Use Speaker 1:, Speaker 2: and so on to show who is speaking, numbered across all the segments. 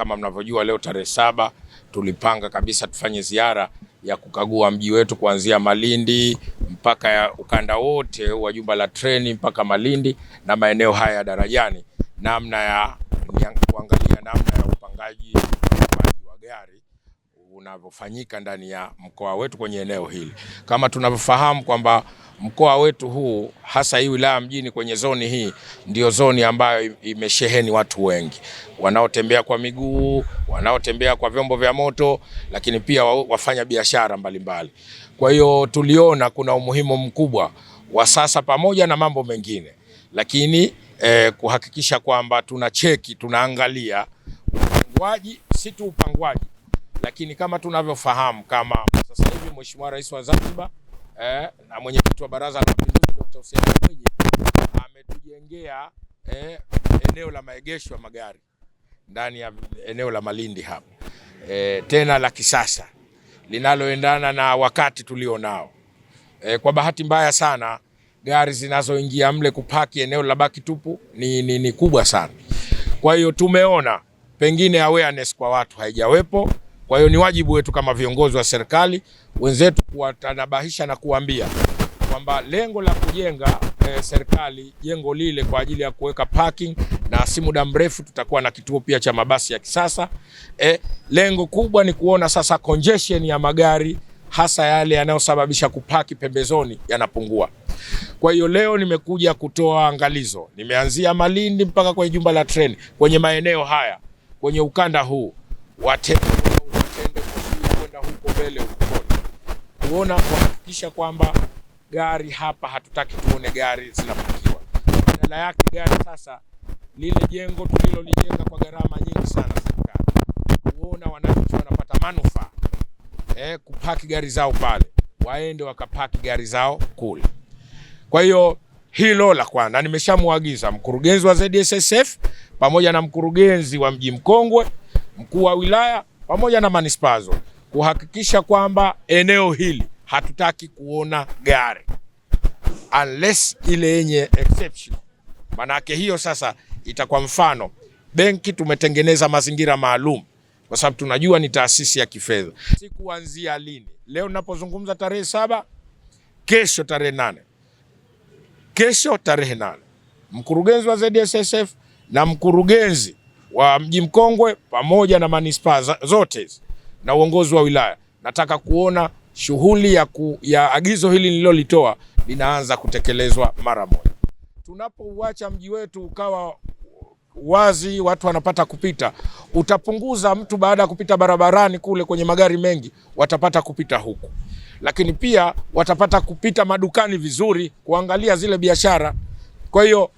Speaker 1: kama mnavyojua, leo tarehe saba tulipanga kabisa tufanye ziara ya kukagua mji wetu kuanzia Malindi mpaka ya ukanda wote wa jumba la treni mpaka Malindi na maeneo haya ya Darajani, namna ya kuangalia namna ya upangaji wa gari unavyofanyika ndani ya mkoa wetu kwenye eneo hili. Kama tunavyofahamu kwamba mkoa wetu huu hasa hii wilaya mjini kwenye zoni hii ndio zoni ambayo imesheheni watu wengi wanaotembea kwa miguu, wanaotembea kwa vyombo vya moto, lakini pia wafanya biashara mbalimbali. Kwa hiyo tuliona kuna umuhimu mkubwa wa sasa, pamoja na mambo mengine, lakini eh, kuhakikisha kwamba tuna cheki tunaangalia upangwaji, si tu upangwaji lakini kama tunavyofahamu kama sasa hivi Mheshimiwa Rais wa Zanzibar eh, na mwenyekiti wa Baraza la Mapinduzi Dr. Hussein Mwinyi ametujengea eh, eneo la maegesho ya magari ndani ya eneo la Malindi hapo eh, tena la kisasa linaloendana na wakati tulio nao. Eh, kwa bahati mbaya sana gari zinazoingia mle kupaki eneo la baki tupu ni, ni, ni kubwa sana. Kwa hiyo tumeona pengine awareness kwa watu haijawepo kwa hiyo ni wajibu wetu kama viongozi wa serikali wenzetu kuwatanabahisha na kuambia kwamba lengo la kujenga eh, serikali jengo lile kwa ajili ya kuweka parking, na si muda mrefu tutakuwa na kituo pia cha mabasi ya kisasa eh, lengo kubwa ni kuona sasa congestion ya magari hasa yale yanayosababisha kupaki pembezoni yanapungua. Kwa hiyo leo nimekuja kutoa angalizo, nimeanzia Malindi mpaka kwenye jumba la treni, kwenye maeneo haya, kwenye ukanda huu wate uko mbele ukoni kuona kuhakikisha kwamba gari hapa, hatutaki tuone gari zinapakiwa. Badala yake gari sasa, lile jengo tulilolijenga kwa gharama nyingi sana serikali, kuona wananchi wanapata manufaa eh, kupaki gari zao pale, waende wakapaki gari zao kule. Kwa hiyo hilo la kwanza nimeshamwagiza mkurugenzi wa ZSSF pamoja na mkurugenzi wa mji mkongwe, mkuu wa wilaya pamoja na manispaa zote kuhakikisha kwamba eneo hili hatutaki kuona gari unless ile yenye exception. Manake hiyo sasa itakuwa mfano benki, tumetengeneza mazingira maalum kwa sababu tunajua ni taasisi ya kifedha. Si kuanzia lini? Leo ninapozungumza tarehe saba, kesho tarehe nane, kesho tarehe nane, mkurugenzi wa ZSSF na mkurugenzi wa mji mkongwe pamoja na manispaa zote na uongozi wa wilaya, nataka kuona shughuli ya, ku, ya agizo hili nililolitoa linaanza kutekelezwa mara moja. Tunapouacha mji wetu ukawa wazi, watu wanapata kupita, utapunguza mtu baada ya kupita barabarani kule kwenye magari mengi, watapata kupita huku, lakini pia watapata kupita madukani vizuri, kuangalia zile biashara. Kwa hiyo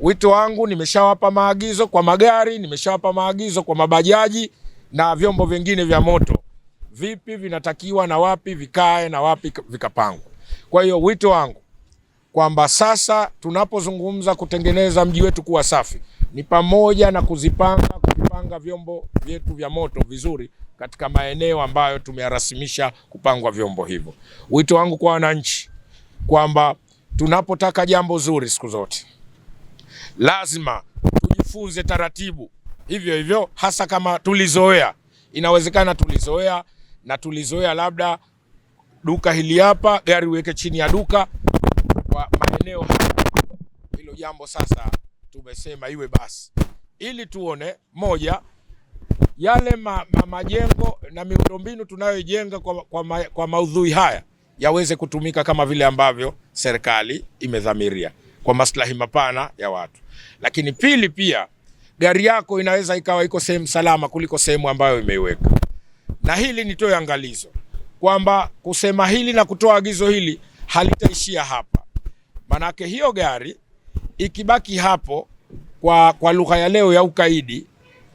Speaker 1: wito wangu, nimeshawapa maagizo kwa magari, nimeshawapa maagizo kwa mabajaji na vyombo vingine vya moto vipi vinatakiwa na wapi vikae na wapi vikapangwa. Kwa hiyo wito wangu kwamba sasa tunapozungumza kutengeneza mji wetu kuwa safi ni pamoja na kuzipanga kuvipanga vyombo vyetu vya moto vizuri katika maeneo ambayo tumeyarasimisha kupangwa vyombo hivyo. Wito wangu kwa wananchi kwamba tunapotaka jambo zuri siku zote lazima tujifunze taratibu hivyo hivyo, hasa kama tulizoea. Inawezekana tulizoea na tulizoea labda duka hili hapa, gari uweke chini ya duka kwa maeneo haya. Hilo jambo sasa tumesema iwe basi, ili tuone moja yale ma, ma, majengo na miundombinu tunayojenga kwa, kwa, ma, kwa maudhui haya yaweze kutumika kama vile ambavyo serikali imedhamiria kwa maslahi mapana ya watu, lakini pili pia gari yako inaweza ikawa iko sehemu salama kuliko sehemu ambayo imeiweka. Na hili nitoe angalizo kwamba kusema hili na kutoa agizo hili halitaishia hapa, manake hiyo gari ikibaki hapo kwa, kwa lugha ya leo ya ukaidi,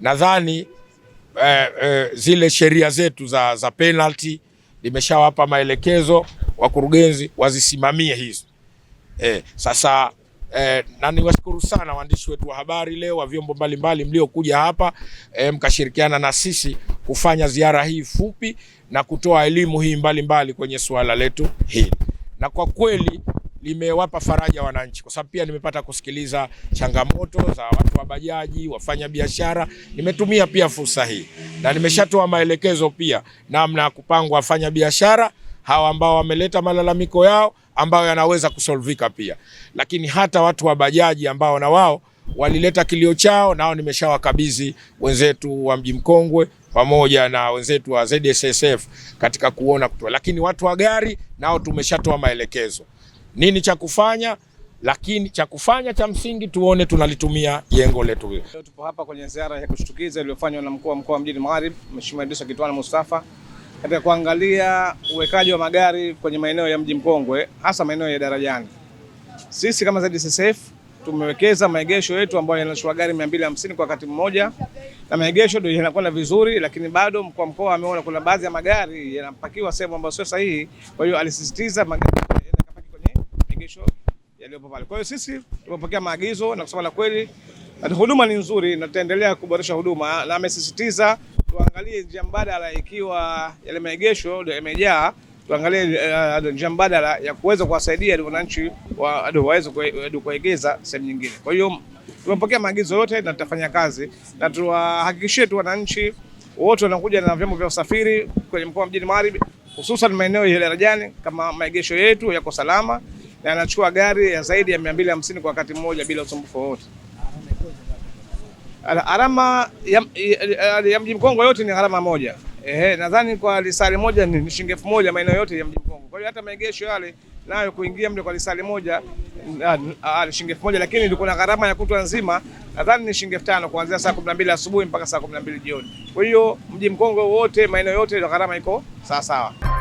Speaker 1: nadhani eh, eh, zile sheria zetu za, za penalty nimeshawapa maelekezo wakurugenzi wazisimamie hizo eh, sasa eh, na niwashukuru sana waandishi wetu wa habari leo wa vyombo mbalimbali mliokuja hapa eh, mkashirikiana na sisi kufanya ziara hii fupi na kutoa elimu hii mbalimbali mbali kwenye suala letu hili, na kwa kweli limewapa faraja wananchi, kwa sababu pia nimepata kusikiliza changamoto za watu wa bajaji, wafanya biashara. Nimetumia pia fursa hii na nimeshatoa maelekezo pia namna ya kupangwa wafanya biashara hawa ambao wameleta malalamiko yao ambayo yanaweza kusolvika pia, lakini hata watu wa bajaji ambao na wao walileta kilio chao, nao nimeshawakabidhi wenzetu wa Mji Mkongwe pamoja na wenzetu wa ZSSF katika kuona kutoa, lakini watu wa gari nao tumeshatoa maelekezo nini cha kufanya, lakini cha kufanya cha msingi tuone tunalitumia jengo letu.
Speaker 2: Leo tupo hapa kwenye ziara ya kushtukiza iliyofanywa na mkuu wa mkoa wa Mjini Magharibi Mheshimiwa Idrisa Kitwana Mustafa katika kuangalia uwekaji wa magari kwenye maeneo ya mji mkongwe, hasa maeneo ya Darajani. Sisi kama ZCCF tumewekeza maegesho yetu ambayo yanachukua gari 250 kwa wakati mmoja, na maegesho ndio yanakwenda vizuri, lakini bado mkuu wa mkoa ameona kuna baadhi ya magari yanapakiwa sehemu ambayo sio sahihi. Kwa hiyo alisisitiza magari yanapaki kwenye maegesho yaliyopo pale. Kwa hiyo sisi tumepokea maagizo na kusema la kweli, huduma ni nzuri na tutaendelea kuboresha huduma, na amesisitiza tuangalie njia mbadala, ikiwa yale maegesho yamejaa, tuangalie uh, njia mbadala ya kuweza kuwasaidia wananchi waweze kuegeza sehemu nyingine. Kwa hiyo tumepokea maagizo yote na tutafanya kazi na tuwahakikishie tu wananchi wote wanakuja na vyombo vya usafiri kwenye mkoa wa Mjini Magharibi, hususan maeneo ya darajani, kama maegesho yetu yako salama na yanachukua gari ya zaidi ya 250 kwa wakati mmoja bila usumbufu wowote. Gharama ya, ya, ya mji mkongo yote ni gharama moja. Ehe, nadhani kwa lisali moja ni shilingi elfu moja maeneo yote ya mji mkongo. Kwa hiyo hata maegesho yale nayo kuingia mle kwa lisali moja ni shilingi elfu moja lakini ilikuwa na gharama ya kutwa nzima, nadhani ni shilingi elfu tano kuanzia saa kumi na mbili asubuhi mpaka saa kumi na mbili jioni. Kwa hiyo mji mkongo wote maeneo yote gharama iko sawasawa.